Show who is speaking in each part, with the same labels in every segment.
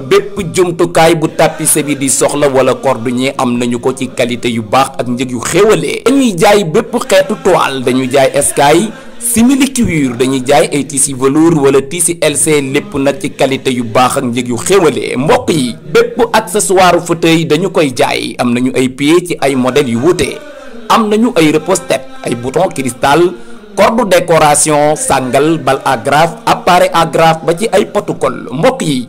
Speaker 1: bépp jumtukaay bu tapisse bi di soxla wala ñi am nañu ko ci qualité yu baax ak njëg yu xéwalee dañuy jaay bépp xeetu toile dañu jaay eskay simili cuir dañuy jaay ay tissu velours wala tissu LC lépp nag ci qualité yu baax ak njëg yu xéwale mbokk yi bépp accessoire fauteuil dañu koy jaay am nañu ay pie ci ay modèles yu wuute am nañu ay repose ay bouton cristal corde décoration sangal bal agrafe appareil agrafe ba ci ay protocole mbokk yi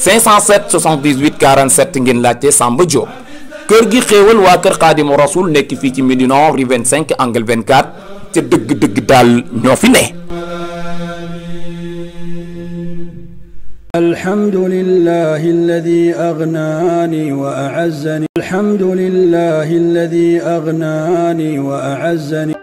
Speaker 1: 507 78 47 ngeen laajte Samba Diop kër gi xéewal waa kër Xaadimu Rasuul nekk fii ci Médina rue 25 angle 24 ca dëgg-dëgg daal ñoo fi ne.
Speaker 2: الحمد لله الذي أغناني وأعزني الحمد لله الذي أغناني وأعزني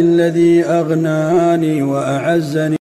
Speaker 2: الذي أغناني
Speaker 1: وأعزني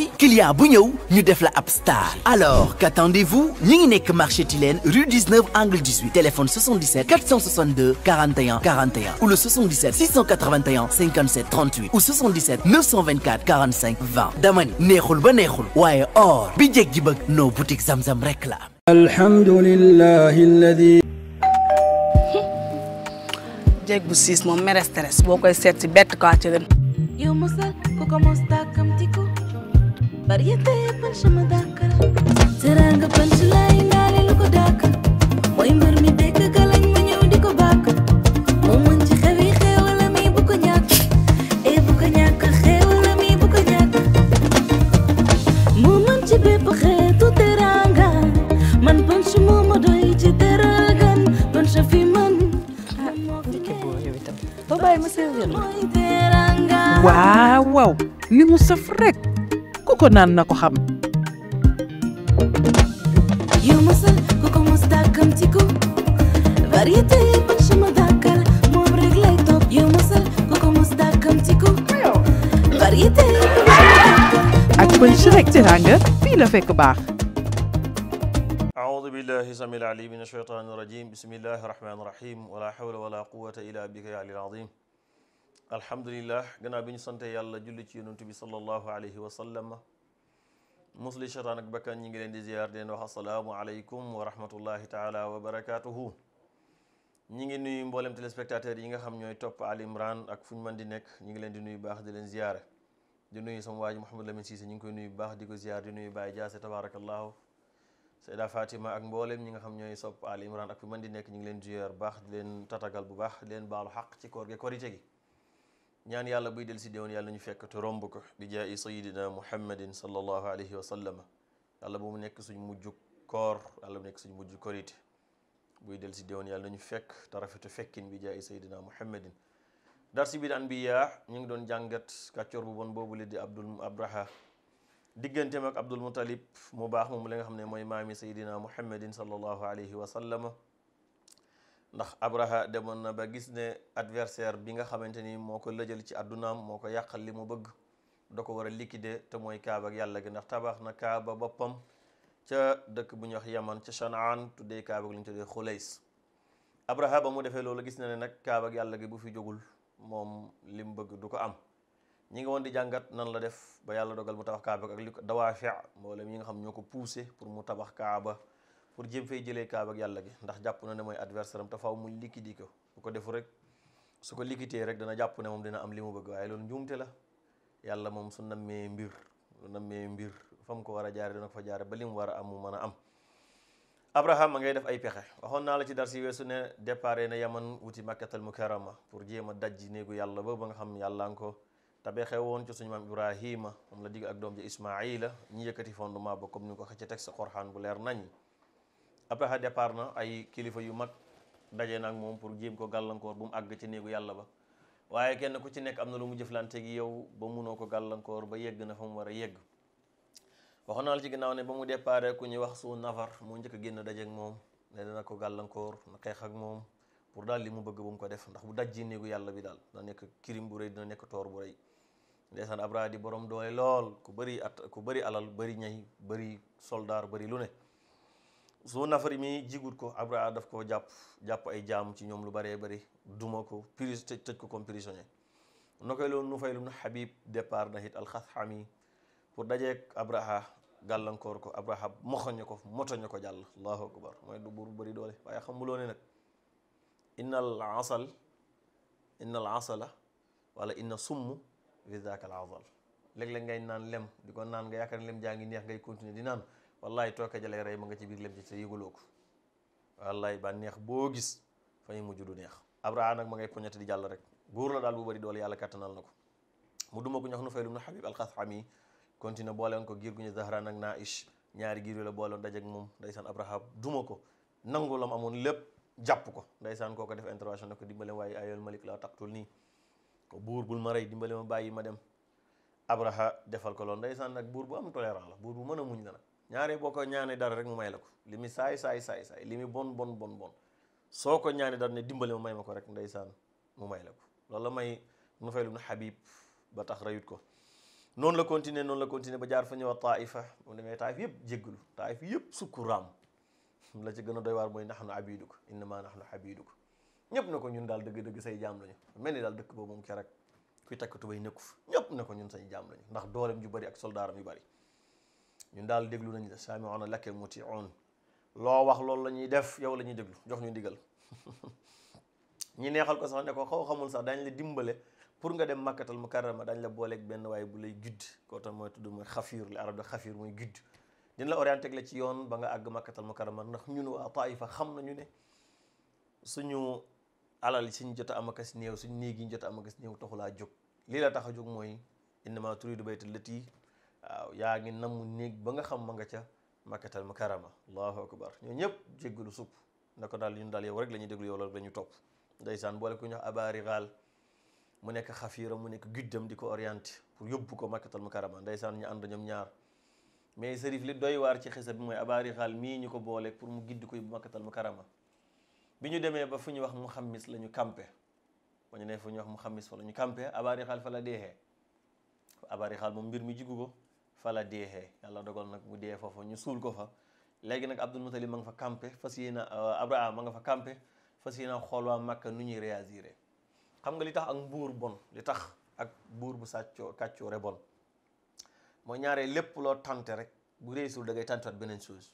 Speaker 1: mooy client bu ñëw ñu def la ab star alors qu'attendez-vous ñi ngi nekk marché Tilène rue 19 angle 18 téléphone 77 462 41 41 ou le 77 681 57 38 ou 77 924 45 20 dama ni neexul ba neexul waaye or bi jeg ji bëgg noo boutique Zamzam rek la
Speaker 2: alhamdulillahi alladi
Speaker 1: jeeg bu siis moom mere stress boo koy seet si bett kaa ci ren yow mos ku ko mos بريت من شم ذاكر ko naan na ko xam. ak Punch rek teraanga fii la fekk baax.
Speaker 2: أعوذ بالله السميع العليم من الشيطان الرجيم بسم الله الرحمن الرحيم ولا حول ولا قوة إلا بك يا علي العظيم alhamdulillah gannaaw bi ñu sante yàlla julli ci yonent bi sallallahu alayhi wa sallam musli shaytaan ak bakkan ñi ngi leen di ziyaar deen wax asalaamu aleykum wa rahmatullahi taala wa barakaatuhu ñi ngi nuyu mboolem téléspectateurs yi nga xam ñooy topp Ali Imran ak fu ñu mën di nekk ñi ngi leen di nuyu baax di leen ziyaare di nuyu waa ji Mouhamed Lamine Cissé ñu ngi koy nuyu baax di ko ziyaar di nuyu Baye Diassé tabarakallahu Seyda Fatima ak mboolem ñi nga xam ñooy sopp Ali Imran ak fu mën di nekk ñi ngi leen di ziyaar baax di leen tatagal bu baax leen baalu xaq ci koor ge korite gi ñaan yàlla buy del si déwoon yàlla ñu fekk te romb ko bi jaayi sayidina muhammadin sallallahu alayhi wa sallama yàlla bu mu nekk suñ mujj koor yàlla bu nekk suñ mujj korite buy del si déwoon yàlla ñu fekk te rafetu fekkin bi jaayi sayidina muhammadin darsi bil anbiya ñu ngi doon jàngat kàccoor bu bon boobu le di abdul abraha digganteem ak abdul mutalib mu baax moom la nga xam ne mooy maami sayidina muhammadin sallallahu alayhi wa sallama ndax abraha demoon na ba gis ne adversaire bi nga xamante ni moo ko lëjal ci addunaam moo ko yàqal li mu bëgg da ko war a liquider te mooy kaaba ak yàlla gi ndax tabax na kaaba boppam ca dëkk bu ñu wax yaman ca Shanaan tuddee kaaba ak li ñu ba mu defee loolu gis na ne nag kaaba ak yàlla gi bu fi jógul moom li mu bëgg du ko am ñi nga woon di jàngat nan la def ba yàlla dogal mu tabax kaaba ak li ko dawaafee mboolem yi nga xam ñoo ko poussé pour mu tabax kaaba pour jéem fay jëlee kaaba ak yàlla gi ndax jàpp na ne mooy adversaire am te faaw mu liquide ko bu ko defu rek su ko liquidé rek dana jàpp ne moom dina am li mu bëgg waaye loolu njuumte la yàlla moom su nammee mbir lu nammee mbir fa mu ko war a jaare dana ko fa jaare ba li mu war a am mu mën a am Abraham a ngay def ay pexe waxoon naa la ci dar si weesu ne dépare na yaman wuti makkatal mukarama pour jéem a dajji néegu yàlla ba ba nga xam yàlla nga ko tabexe woon ci suñu maam Ibrahima moom la digg ak doom ji Ismaila ñi yëkkati fondement ba comme ni ko teg sa Qur'an bu leer nañ APEX départ na ay kilifa yu mag daje nag moom pour jéem ko gàllankoor bu mu àgg ci néegu yàlla ba waaye kenn ku ci nekk am na lu mu jëflante gi yow ba munoo ko gàllankoor ba yegg na fa mu war a yegg waxoon naa la ci ginnaaw ne ba mu deparee ku ñuy wax su nafar moo njëkk génn daje ak moom ne dana ko gàllankoor na xeex ak moom pour daal li mu bëgg bu mu ko def ndax bu dajji néegu yàlla bi daal dina nekk kirim bu rëy dina nekk toor bu rëy ndeysaan Abra di borom doole lool ku bëri at ku bëri alal bëri ñay bëri soldaar bëri lu ne soo nafari mi jigut ko Abraha daf ko jàpp jàpp ay jaam ci ñoom lu bëree bëri duma ko pris tëj tëj ko comme prisonnier nu koy loolu Nufayl ibn Habib départ na it alxathami pour dajeek Abraha gàllankoor ko Abraha moxoña ko motoña ko jàll allahu akbar mooy du buur bari doole waaye xamuloo ne nag inna al asal inna al asala wala inna summ fi daaka al azal léeg-léeg ngay naan lem di ko naan nga yaakaar ne lem jaa ngi neex ngay continuer di naan wallaay tooke jalay rey ma nga ci biir lem ci te yëguloo ko wallaay bànneex boo gis fa ñu mujj du neex abraha nag ma ngay poñati di jàll rek góor la daal bu bari dool yàlla kattanal na ko mu duma ko ñox na Habib al-Xathami continue booleen ko giir ñu Zahran ak Naish ñaari giir la booleen dajeeg moom ndaysaan abraha duma ko nangu lam amoon lépp jàpp ko ndaysaan koo ko def intervention ne ko dimbale waaye ayool malik laa taqtul nii ko buur bul ma rey dimbale ma bàyyi ma dem abraha defal ko loolu ndaysaan nag buur bu am tolérant la buur bu mën a muñ la ñaaree boo ko ñaanee dara rek mu may la ko li mi saay saay saay saay li mi bon bon bon bon soo ko ñaanee dara ne dimbale mu may ma ko rek ndeysaan mu may la ko loolu la may Nufayl ibn Habib ba tax rayut ko noonu la continuer noonu la continuer ba jaar fa ñëw Taaifa mu demee Taayif yëpp jéggalu Taayif yëpp sukkuraam la ci gën a doy waar mooy nahnu abiduk innama nahnu abiduk ñëpp na ko ñun daal dëgg-dëgg say jaam lañu mel ni daal dëkk boobu moom keroog kuy takk tubay nekku ñëpp na ko ñun sañ jaam lañu ndax doolem ju bari ak soldaaram yu bari ñun daal déglu nañ la saami'uuna laka muti'uun loo wax loolu la ñuy def yow la ñuy déglu jox ñu ndigal ñi neexal ko sax ne ko xaw xamul sax dañ la dimbale pour nga dem makkatal mukarrama dañ la booleeg benn waaye bu lay judd koo tam mooy tudd mooy xafiir li arab da xafiir mooy judd dina la orienté la ci yoon ba nga àgg makkatal mukarrama ndax ñun waa taifa xam nañu ne suñu alal yi suñ jot a amakas néew suñ néeg yi ñu jot a amakas néew taxulaa jóg lii la tax jóg mooy innama turidu bayta waaw yaa ngi mu néeg ba nga xam ma nga ca makkatal mukarrama allahu akbar ñoo ñëpp jéggalu supp na ko daal ñun daal yow rek la ñuy déglu yow rek la ñuy topp ndeysaan boole ko ñu wax abaari mu nekk xafiira mu nekk guddam di ko orienté pour yóbbu ko makkatal mukarrama ndeysaan ñu ànd ñaar mais sërif li doy waar ci xisa bi mooy abaari mii ñu ko boole pour mu gidd ko yóbbu makkatal mukarrama bi ñu demee ba fu ñu wax mu xamis la ñu campé ba ñu ne fu ñu wax mu xamis fa la ñu campé abaari xaal fa la deexee abaari xaal moom mbir mi jigu ko fa la deexee yàlla dogal nag mu dee foofa ñu suul ko fa léegi nag Abdul Mutalib ma nga fa campé fas yéene euh, Abraham ma nga fa campé fas yéene xool waa Makka nu ñuy réagir xam nga li tax ak mbuur bon li tax ak buur bu sàccoo kàccoore bon moo ñaaree lépp loo tenté rek bu réussir da ngay tentewaat beneen chose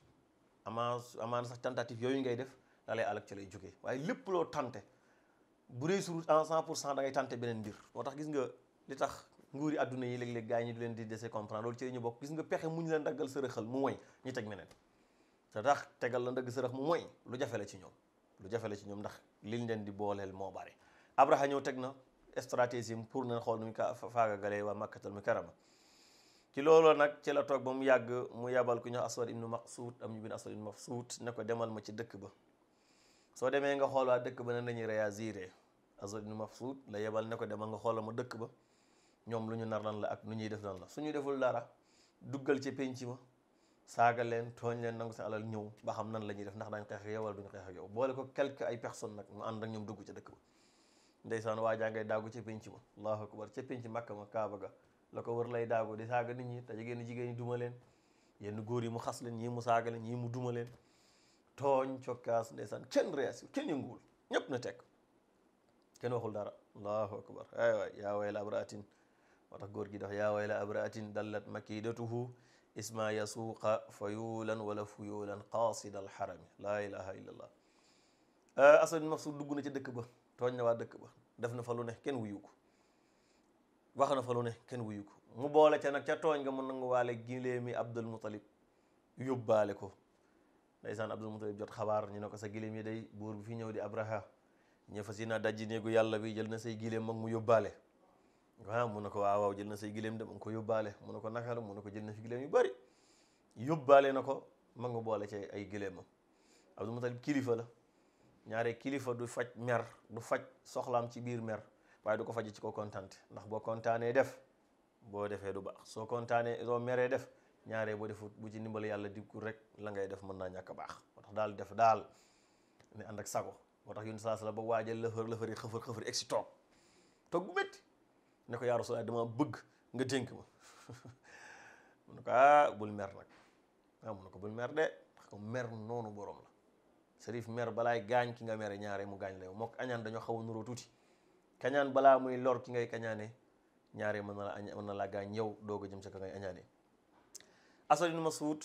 Speaker 2: amaa amaan sax tentative yooyu ngay def da lay lay jógee waaye lépp loo tenté bu réussir en cent pour cent da ngay tenté beneen mbir moo tax gis nga li tax nguuri àdduna yi léeg-léeg gaa yi ñu du leen di dese comprendre loolu ci la ñu bokk gis nga pexe mu ñu la daggal sërëxal mu mooy ñu teg meneen te tax tegal la ndagg sërëx mu mooy lu jafe la ci ñoom lu jafe la ci ñoom ndax liñ leen di booleel moo bare Abraha ñëw teg na stratégie pour na xool nu ñu ka faagagalee waa Makkatal Mukarrama ci looloo nag ci la toog ba mu yàgg mu yabal ku ñu Aswad ibnu Maqsuud am ñu bin Aswad ibnu Maqsuud ne ko demal ma ci dëkk ba soo demee nga xool dëkk ba nan ñuy réagir Aswad ibnu Maqsuud la yebal ne ko demal nga xoolal ma dëkk ba ñoom lu ñu nar lan la ak nu ñuy def lan la suñu deful dara duggal ci penc ma saaga leen tooñ leen nangu sa alal ñëw ba xam nan la ñuy def ndax dañ xeex ak yow wala duñu xeex ak yow boole ko quelque ay personnes nag mu ànd ak ñoom dugg ca dëkk ba ndeysaan waa jaa ngay daagu ca penc ma allahu akbar ca penc makk ma kaaba ga la ko wër lay daagu di saaga nit ñi te jigéen jigéen ñi duma leen yenn góor yi mu xas leen ñii mu saaga leen ñii mu duma leen tooñ cokkaas ndeysaan kenn réaction kenn yënguwul ñëpp na tekk kenn dara allahu akbar ay waay yaa way moo tax góor gi dox yaa wayla abraatin dallat makidatuhu isma yasuuqa fayulan wala fuyulan qaasida alxarami la ilaha illa allah Asad bin Mafsuud dugg na ci dëkk ba tooñ na waa dëkk ba def na fa lu ne kenn wuyu ko wax na fa lu kenn wuyu mu boole ca nag ca tooñ nga mu nangu waale gileemi Abdul Mutalib yóbbaale ko ndeysaan Abdul Mutalib jot xabaar ñu ne ko sa gileem yi day buur bi fi ñëw di Abraha ñe fas yéene dajji néegu yàlla wi jël na say gileem mu yóbbaale waaw mu na ko waaw waaw jël na say gileem de mu ngi ko yóbbaale mu ne ko naka la mun ne ko jël na fi gileem yu bari yóbbaale na ko ma nga boole ci ay gileemam Abdul Mutalib kilifa la ñaare kilifa du faj mer du faj soxlaam ci biir mer waaye du ko faj ci ko kontaante ndax boo kontaanee def boo defee du baax soo kontaanee soo meree def ñaaree boo defut bu ci ndimbal yàlla dikkul rek la ngay def mën naa ñàkk baax moo tax daal def daal ne ànd ak sago moo tax yun saas la ba waajal lëfër lëfër yi xëfër xëfër egg si ne ko yaa Rasulullah dama bëgg nga dénk ma mu ne ko ah bul meer nag ah mu ne ko bul meer de ndax ko mer noonu borom la sërif meer balaay gaañ ki nga mere ñaare mu gaañ la yow mook añaan dañoo xaw a nuroo tuuti kañaan balaa muy lor ki ngay kañaane ñaare mën na na laa gaañ yow doog a jëm sa ka ngay añaane Asad ma Mas'ud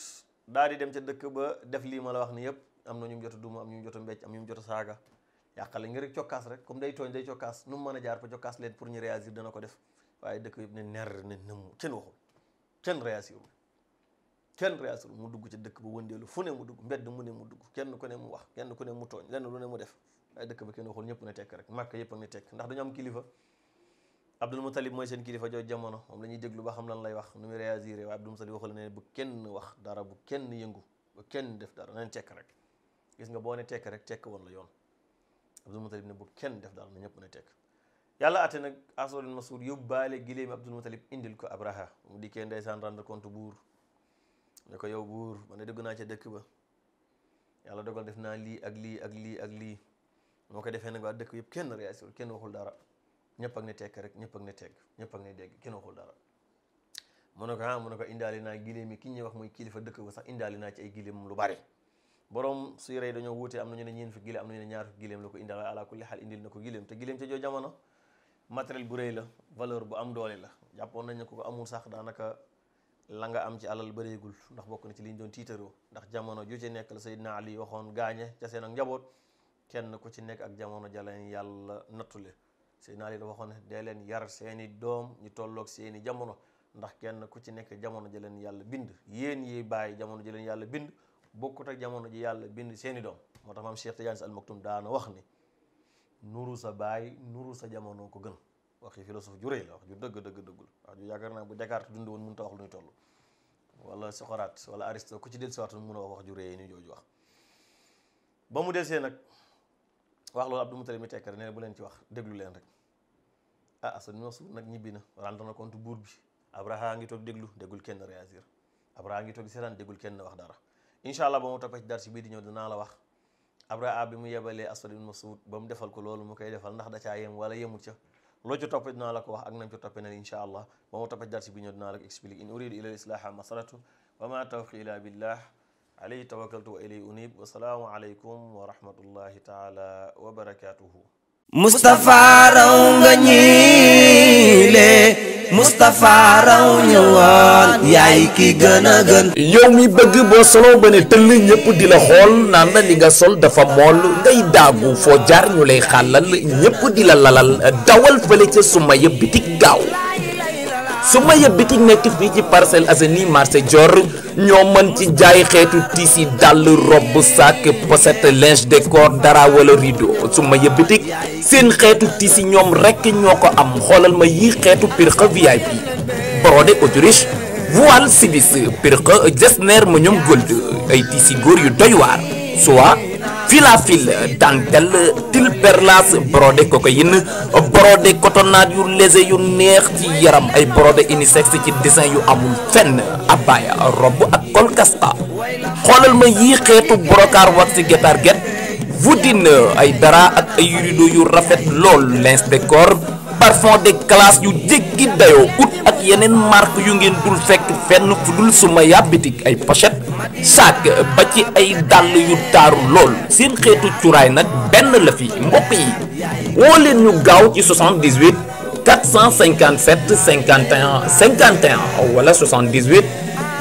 Speaker 2: daal di dem ca dëkk ba def lii ma la wax ni yëpp am na ñu mu jot a duma am ñu mu jot a mu jot a saaga yàqale nga rek cokkaas rek comme day tooñ day cokkaas nu mu mën a jaar fa cokkaas leen pour ñu réagir dana ko def waaye dëkk yëpp ne ner ne nëmm kenn waxul kenn réagirul kenn réagirul mu dugg ci dëkk ba wëndeelu fu ne mu dugg mbedd mu ne mu dugg kenn ku ne mu wax kenn ku ne mu tooñ lenn lu ne mu def waaye dëkk ba kenn waxul ñëpp ne tekk rek màkk yëpp a ne tekk ndax dañu am kilifa Abdul Mutalib mooy seen kilifa jooju jamono moom la ñuy déglu ba xam lan lay wax nu muy réagir waaye Abdul Mutalib wax dara bu kenn yëngu bu kenn def dara nañ tekk rek gis nga boo ne tekk rek tekk la yoon Abdul Muttalib ne bu kenn def daal na ñëpp na tekk yàlla àtte nag Aswad al Mas'ud yóbbaale giléemi Abdul Muttalib indil ko Abraha mu dikkee ndeysaan rendre compte buur ne ko yow buur man ne dëgg naa ca dëkk ba yàlla dogal def naa lii ak lii ak lii ak lii moo ko defee nag waa dëkk yëpp kenn réaction kenn waxul dara ñëpp ak ne tekk rek ñëpp ak ne tegg ñëpp ak ne dégg kenn waxul dara mu ne ah mu ne ko indaali naa giléem yi ki ñuy wax muy kilifa dëkk ba sax indaali naa ci ay giléem lu bare borom siira yi dañoo wuute am nañu ne ñeen fi gileem am nañu ne ñaar fi gileem la ko indi ala kulli xaal indil na ko gileem te gileem ca joo jamono matériel bu rëy la valeur bu am doole la jàppoon nañ ne ku ko amul sax daanaka la nga am ci alal bëreegul ndax bokk na ci liñ doon tiitaroo ndax jamono ju ci nekk la Seydina Ali waxoon gaañe ca seen ak kenn ku ci nekk ak jamono jaleen yàlla nattule Seydina Ali dafa waxoon ne dee leen yar seeni doom ñu tolloog seeni jamono ndax kenn ku ci nekk jamono jaleen yàlla bind yéen yiy bàyyi jamono jaleen yàlla bind bokkut ak jamono ji yàlla bind seeni doom moo tax maam Cheikh Tidiane Sy Al Maktoum daana wax ni nuru sa baay nuru sa jamono ko gën waxi philosophe ju rëy la wax ju dëgg dëgg dëggul wax ju yaakaar naa bu Descartes dund woon mënut a toll wala Socrate wala Aristote ku ci dellusiwaat mun a wax wax ju rëy ni jooju wax ba mu desee nag wax loolu mu Moutalib mi tekkar ne bu leen ci wax déglu leen rek ah Assane Mansour nag ñibbi na rendre na compte buur bi Abraha ngi toog déglu déggul kenn réagir Abraha ngi toog seetaan déggul kenn wax dara incha allah ba mu toppee ci dar si bii di ñëw dinaa la wax Abraha bi mu yebalee Aswad ibn Mas'ud ba mu defal ko loolu mu koy defal ndax da caa yem wala yemul ca loo ci toppee dinaa la ko wax ak nam ci toppee nen incha allah ba mu toppee ci dar si bii ñëw dinaa la ko expliqué in uridu ila islaaha masaratu wa ma tawfiqi ila billah alayhi tawakkaltu wa ilayhi unib wa salaamu alaykum wa rahmatullahi taala wa barakatuhu
Speaker 1: Moustapha raw ñëwaat yaay ki gën a gën. yow mi bëgg boo solo ba ne tëll ñëpp di la xool naan nga sol dafa mool ngay daagu foo jaar ñu lay xàllal ñëpp di la lalal dawal fële ca suma yëpp bitik gaaw. su Soumaya bitik nekk fii ci parcelle Assainies marché jor ñoo mën ci jaay xeetu tissu dàll robe sac pochette linge de corps dara wala rideau ma bitik seen xeetu tissu ñoom rekk ñoo ko am xoolal ma yii xeetu pirxa VIP brodé autriche voile sivis pirxa jesner ma ñoom gold ay tissu góor yu doy waar soit fil à fil dentelle til perlas brodé cocaïne brodé cotonnade yu léger yu neex ci yaram ay brodé unisexe ci dessin yu amul fenn abaya robb ak kolkasta xoolal ma yii xeetu brocart wax ci guétar guet wudin ay dara ak ay rideau yu rafet lool linge de corps parfum de classe yu jéggi dayoo ut ak yeneen marque yu ngeen dul fekk fenn fu suma yàbbitik ay pochette saak ba ci ay dàll yu taaru lool seen xeetu cuuraay nag benn la fi mbokk yi woo leen ñu gaaw ci 78 457 51 51 wala 78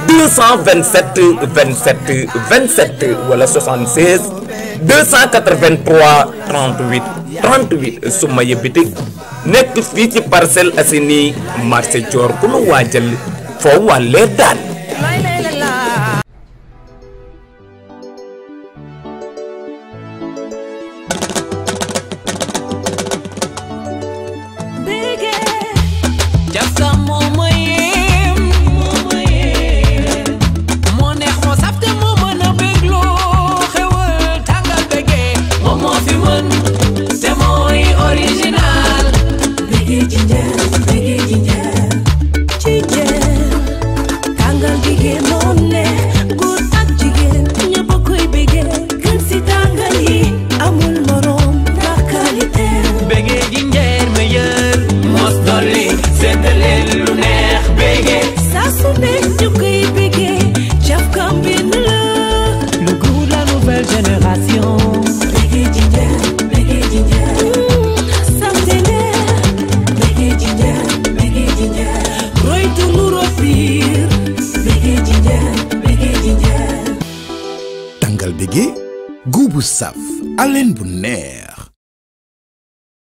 Speaker 1: 227 27 27 wala 76 283 38 38 su ma yëbbite nekk fii ci Parcelles Assainies marché Dior ku nu waajal foo wàllee daal.